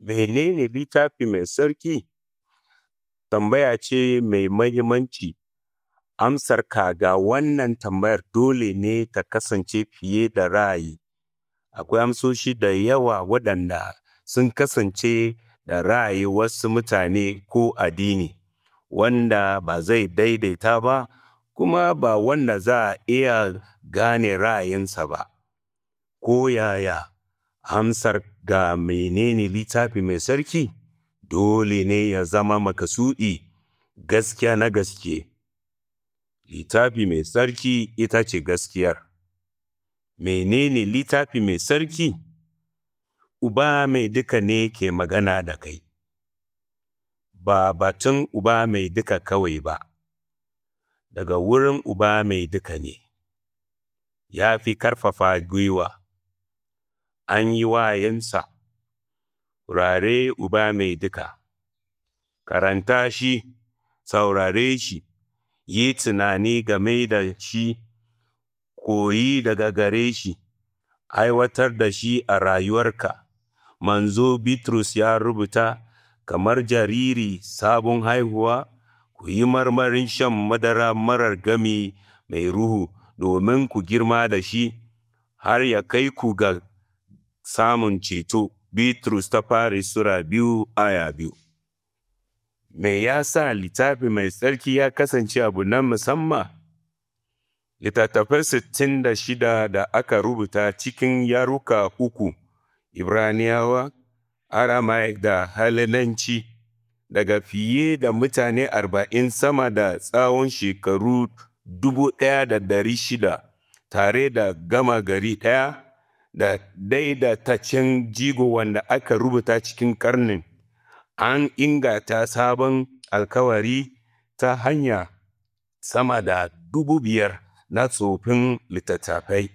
Menene Littafi Mai sarki? tambaya ce mai mahimmanci, amsarka ga wannan tambayar dole ne ta kasance fiye da ra'ayi. Akwai amsoshi da yawa waɗanda sun kasance da ra'ayi wasu mutane ko addini, wanda ba zai daidaita ba kuma ba wanda za a iya gane ra'ayinsa ba, ko yaya. amsar ga menene littafi mai sarki dole ne ya zama makasudi gaskiya na gaske. Littafi mai tsarki ita ce gaskiyar. Menene littafi mai sarki? Uba mai duka ne ke magana da kai, ba batun Uba mai duka kawai ba, daga wurin Uba mai duka ne, ya fi karfafa gwiwa. an yi wa yansa “Rare uba mai duka,” karanta shi, saurare shi, yi tunani game da shi, koyi daga gare shi, aiwatar da shi a rayuwarka, Manzo Bitrus ya rubuta, kamar jariri sabon haihuwa, ku yi marmarin shan madara marar gami mai ruhu domin ku girma da shi har ya kai ku ga samun ceto Bitrus ta fari Sura biyu aya biyu. Me ya sa littafi mai tsarki ya kasance abu na musamman? Littattafai sittin da shida da aka rubuta cikin yaruka uku, Ibraniyawa, Aramaik da Halilanci, daga fiye da mutane arba'in sama da tsawon shekaru dubu ɗaya da dari shida, tare da gama gari ɗaya. da daidaitaccen jigo wanda aka rubuta cikin ƙarni, an ingata sabon alkawari ta hanya sama da dubu biyar na tsofin littattafai,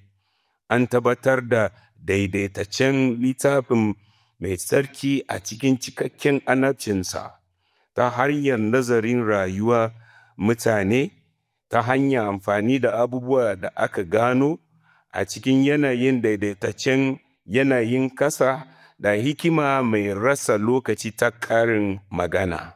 an tabbatar da daidaitaccen littafin mai tsarki a cikin cikakken anacinsa ta hanyar nazarin rayuwa mutane ta hanyar amfani da abubuwa da aka gano a cikin yanayin daidaitaccen yanayin ƙasa da hikima mai rasa lokaci ta karin magana.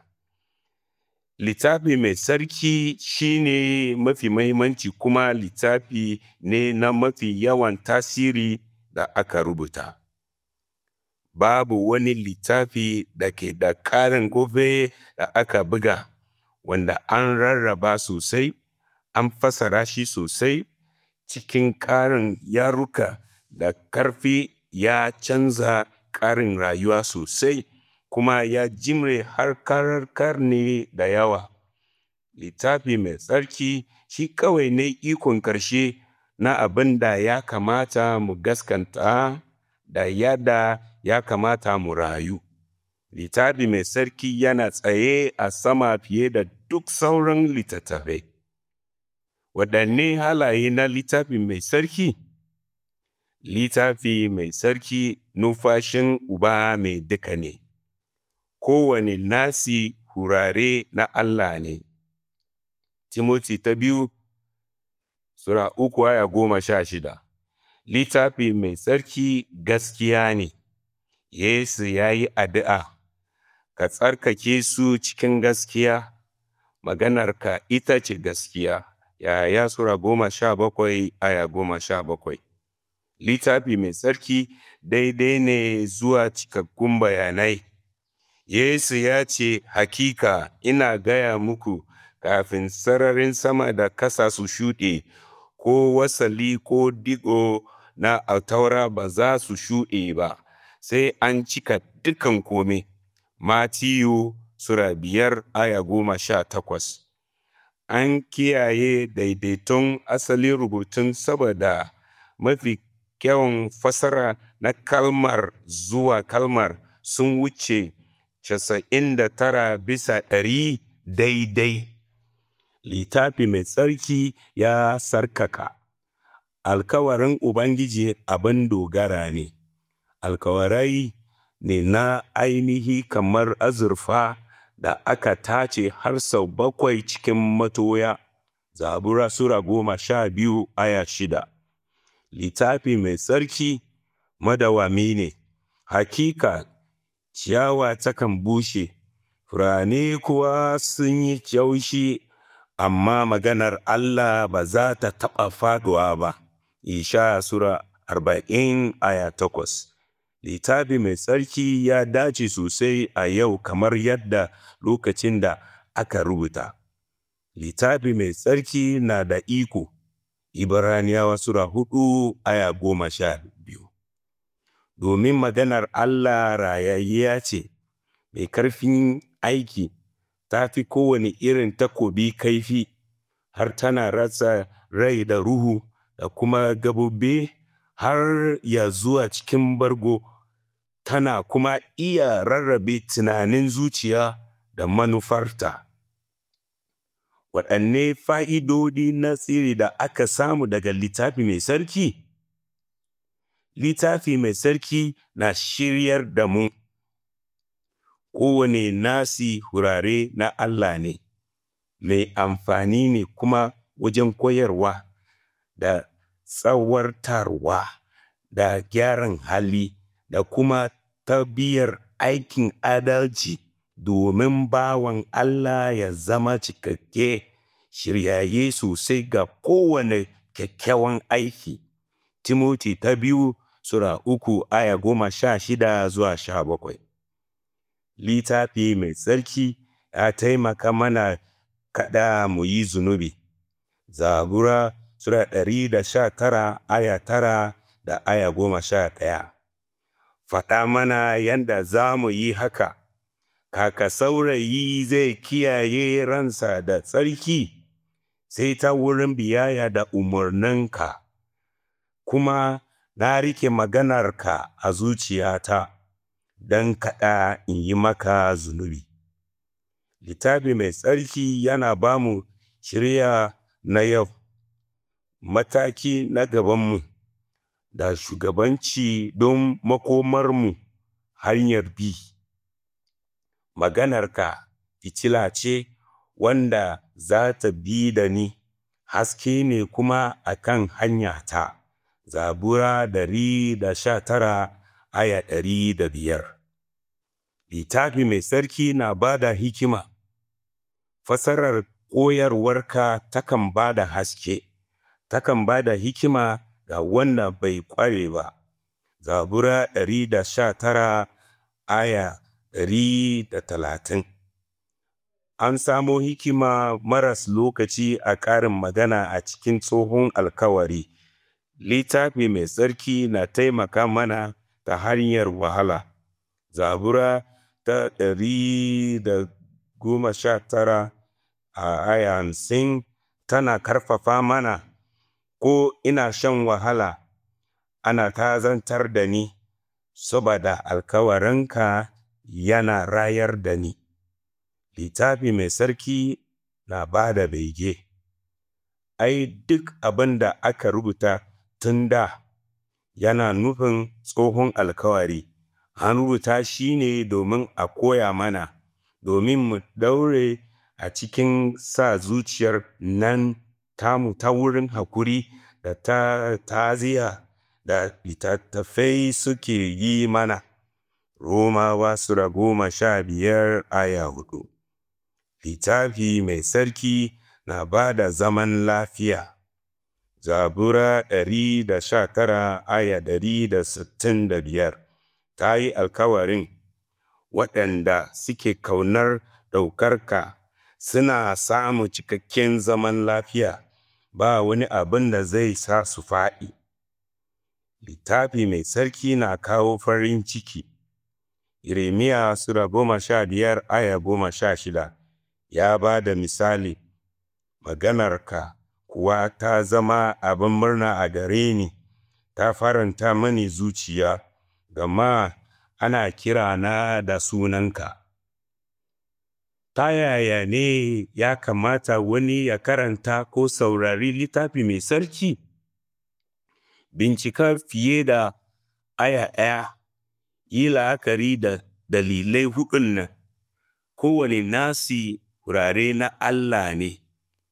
Littafi Mai Tsarki shi ne mafi mahimmanci kuma littafi ne na mafi yawan tasiri da aka rubuta. Babu wani littafi da ke da ƙarin gobe da aka buga wanda an rarraba sosai, an fassara shi sosai, cikin ƙarin yaruka da ƙarfi ya canza ƙarin rayuwa sosai kuma ya jimre har ƙarni da yawa. Littafi Mai Tsarki shi kawai ne ikon ƙarshe na abin da ya kamata mu gaskanta da yadda ya kamata mu rayu. Littafi Mai Tsarki yana tsaye a sama fiye da duk sauran littattafai. waɗanne halaye na littafi mai tsarki? Littafi mai tsarki numfashin Uba mai duka ne, kowane nasi hurare na Allah ne. Timoti ta biyu Sura uku aya goma sha shida Littafi mai tsarki gaskiya ne, Yesu ya yi addu'a, Ka tsarkake su cikin gaskiya, maganarka ita ce gaskiya. Yahaya Sura goma sha bakwai aya goma sha bakwai. Littafi mai tsarki daidai ne zuwa cikakkun bayanai. Yesu ya ce, Hakika ina gaya muku, kafin sararin sama da ƙasa su shuɗe, ko wasali ko digo na altaura ba za su shuɗe ba, sai an cika dukan kome. Matiyu Sura biyar aya goma sha takwas. an kiyaye daidaiton asalin rubutun saboda mafi kyawun fasara na kalmar zuwa kalmar sun wuce casa'in da tara bisa ɗari daidai. Littafi Mai Tsarki ya sarkaka. alkawarin Ubangiji abin dogara ne; alkawarai ne na ainihi kamar azurfa. da aka tace har sau bakwai cikin matoya, Zabura Sura goma sha biyu aya shida. Littafi mai tsarki madawami ne, hakika ciyawa takan bushe, furanni kuwa sun yi yaushi, amma maganar Allah ba za ta taɓa faduwa ba. Ishaya Sura arba'in aya takwas. Littafi Mai Tsarki ya dace sosai a yau kamar yadda lokacin da aka rubuta, Littafi Mai Tsarki na da iko Ibraniyawa Sura hudu aya goma sha biyu domin maganar Allah rayayyiya ce, mai ƙarfin aiki, ta fi kowane irin takobi kaifi, har tana rasa rai da ruhu da kuma gaɓoɓi har ya zuwa cikin bargo, tana kuma iya rarrabe tunanin zuciya da manufarta. Waɗanne fa'idodi na tsiri da aka samu daga Littafi Mai sarki? Littafi Mai sarki na shiryar da mu, kowane nasi wurare na Allah ne, mai amfani ne kuma wajen koyarwa da tsawartarwa da gyaran hali da kuma tabiyar aikin adalci domin bawan Allah ya zama cikakke, shiryaye sosai ga kowane kyakkyawan aiki. Timoti ta biyu Sura uku aya goma sha shida zuwa sha bakwai Littafi mai tsarki ya taimaka mana kada mu yi zunubi. Zabura Sura ɗari da sha tara aya tara da aya goma sha ɗaya. Faɗa mana yanda za mu yi haka, kaka saurayi zai kiyaye ransa da tsarki sai ta wurin biyaya da umarninka, kuma na rike maganarka a zuciyata don kaɗa in yi maka zunubi. Littafi mai tsarki yana bamu shirya na yau. mataki na gabanmu da shugabanci don makomarmu hanyar bi. Maganarka fitila ce wanda za ta bi da ni, haske ne kuma a kan ta. Zabura dari da sha tara aya ɗari da biyar Littafi Mai sarki na ba da hikima; fasarar koyarwarka takan ba da haske. takan ba da hikima ga wanda bai ƙware ba. Zabura ɗari da sha tara aya ɗari da talatin. An samo hikima maras lokaci a ƙarin magana a cikin tsohon alkawari. Littafi mai tsarki na taimaka mana ta hanyar wahala. Zabura ta ɗari da goma sha tara a aya hamsin tana karfafa mana ko ina shan wahala ana ta'azantar da ni saboda alkawarinka yana rayar da ni. Littafi Mai sarki na ba da bege Ai, duk abin da aka rubuta tun da yana nufin tsohon alkawari, an rubuta shi ne domin a koya mana, domin mu daure a cikin sa zuciyar nan tamu ta wurin hakuri da ta taziya da littattafai suke yi mana. Romawa Sura goma sha biyar aya hudu. Littafi Mai sarki na ba da zaman lafiya. Zabura ɗari da sha tara aya ɗari da sittin da biyar ta yi alkawarin, Waɗanda suke kaunar ɗaukarka suna samun cikakken zaman lafiya. ba wani abin da zai sa su faɗi. Littafi mai sarki na kawo farin ciki. Irmiya Sura goma sha biyar aya goma sha shida ya ba da misali, Maganarka kuwa ta zama abin murna a gare ni, ta faranta mani zuciya, gama ana kira na da sunanka. ta yaya ne ya kamata wani ya karanta ko saurari littafi mai sarki? Bincika fiye da aya ɗaya, yi la'akari da dalilai huɗun nan, kowane nasi wurare na Allah ne,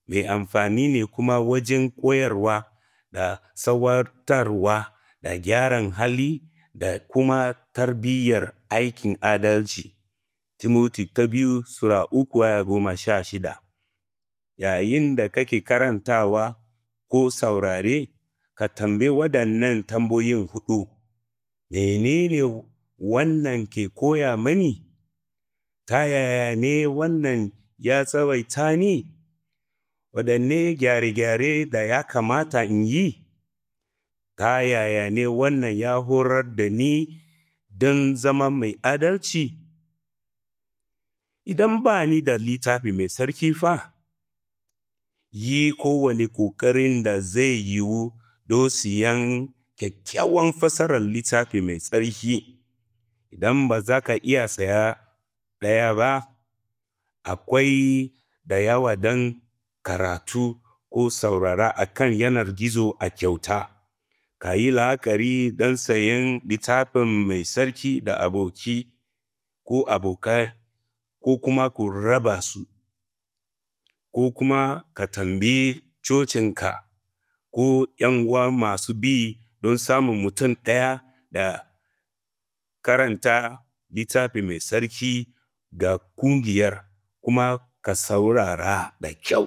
mai amfani ne kuma wajen koyarwa da tsawatarwa da gyaran hali da kuma tarbiyyar aikin adalci. Timoti ta biyu Sura uku aya goma sha shida Yayin da kake karantawa ko saurare, ka tambayi waɗannan tambayoyin huɗu: Mene ne wannan ke koya mani? Ta yaya ne wannan ya tsawaita ni? Waɗanne gyare-gyare da ya kamata in yi? Ta yaya ne wannan ya horar da ni don zama mai adalci? Idan ba ni da littafi mai tsarki fa, yi kowane ƙoƙarin da zai yiwu don siyan kyakkyawan fasarar Littafi Mai Tsarki. Idan ba za ka iya saya ɗaya ba, akwai da yawa don karatu ko saurara a kan yanar gizo a kyauta. Ka yi la'akari don sayen littafin Mai Tsarki da aboki ko abokai ko kuma ku raba su, ko kuma ka tambayi cocinka ko uwa masu bi don samun mutum ɗaya da karanta Littafi Mai sarki ga ƙungiyar, kuma ka saurara da kyau.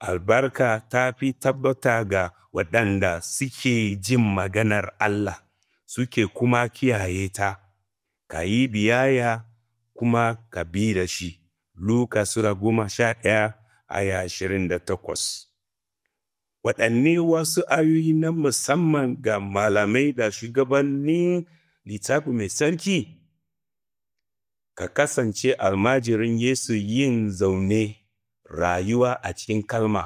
Albarka ta fi tabbata ga waɗanda suke jin maganar Allah suke kuma kiyaye ta, ka yi biyayya kuma ka bi da shi. Luka Sura goma sha ɗaya a ashirin da takwas. Waɗanne wasu ayoyi na musamman ga malamai da shugabannin littafi mai sarki? Ka kasance almajirin Yesu yin zaune rayuwa a cikin kalma.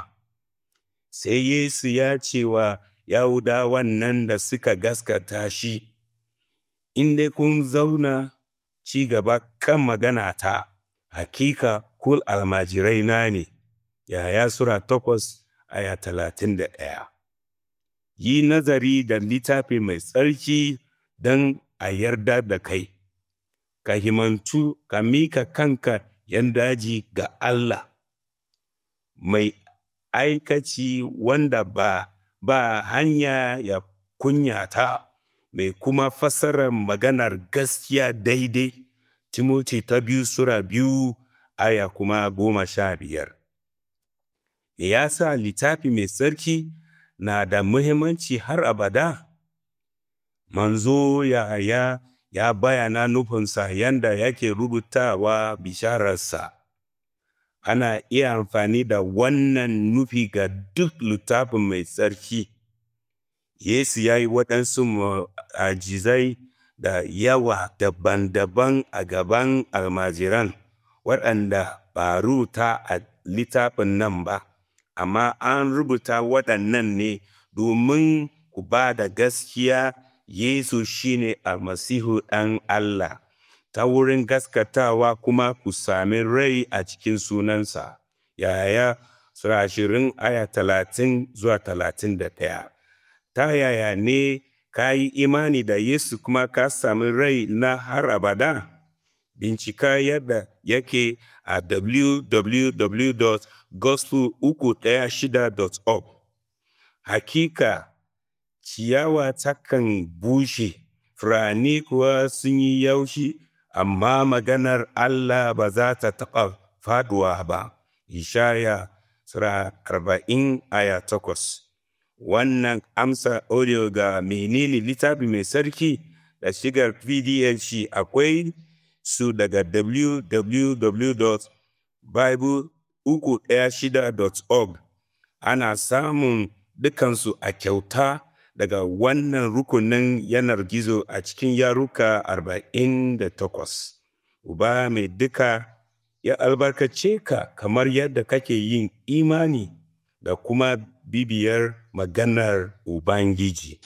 Sai Yesu ya ce wa Yahudawan nan da suka gaskata shi, In dai kun zauna ci gaba kan magana ta. hakika almajirai na ne. Yaya Sura takwas aya talatin da ɗaya Yi nazari da littafi mai tsarki don a yarda da kai, ka himantu ka mika kanka ‘yan daji ga Allah, mai aikaci wanda ba, ba hanya ya kunyata. mai kuma fassarar maganar gaskiya daidai Timoti ta biyu Sura biyu aya kuma goma sha biyar. Me ya sa littafi mai tsarki na da muhimmanci har abada? Manzo Yahaya ya bayana nufinsa yanda yake rubutawa bishararsa. Ana iya amfani da wannan nufi ga duk littafin mai tsarki. Yesu ya yi waɗansu ma'ajizai da yawa daban-daban a gaban almajiran, waɗanda ba a rubuta a littafin nan ba, amma an rubuta waɗannan ne domin ku ba da gaskiya Yesu shi ne Almasihu Ɗan Allah, ta wurin gaskatawa kuma ku sami rai a cikin sunansa. Yaya Sura ashirin aya talatin zuwa talatin da ɗaya. ta yaya ne ka yi imani da Yesu kuma ka sami rai na har abada? Bincika yadda yake a www.gospel316.org. Hakika, ciyawa takan bushe, furani kuwa sun yi yaushi, amma maganar Allah ba za ta taɓa faduwa ba. Ishaya Sura arba'in aya takwas. wannan amsa audio ga menene littafi mai sarki da shigar pdf shi akwai su daga www.bible316.org ana samun dukansu a kyauta daga wannan rukunin yanar gizo a cikin yaruka 48 uba mai duka ya albarkace ka kamar yadda kake yin imani da kuma bibiyar maganar Ubangiji.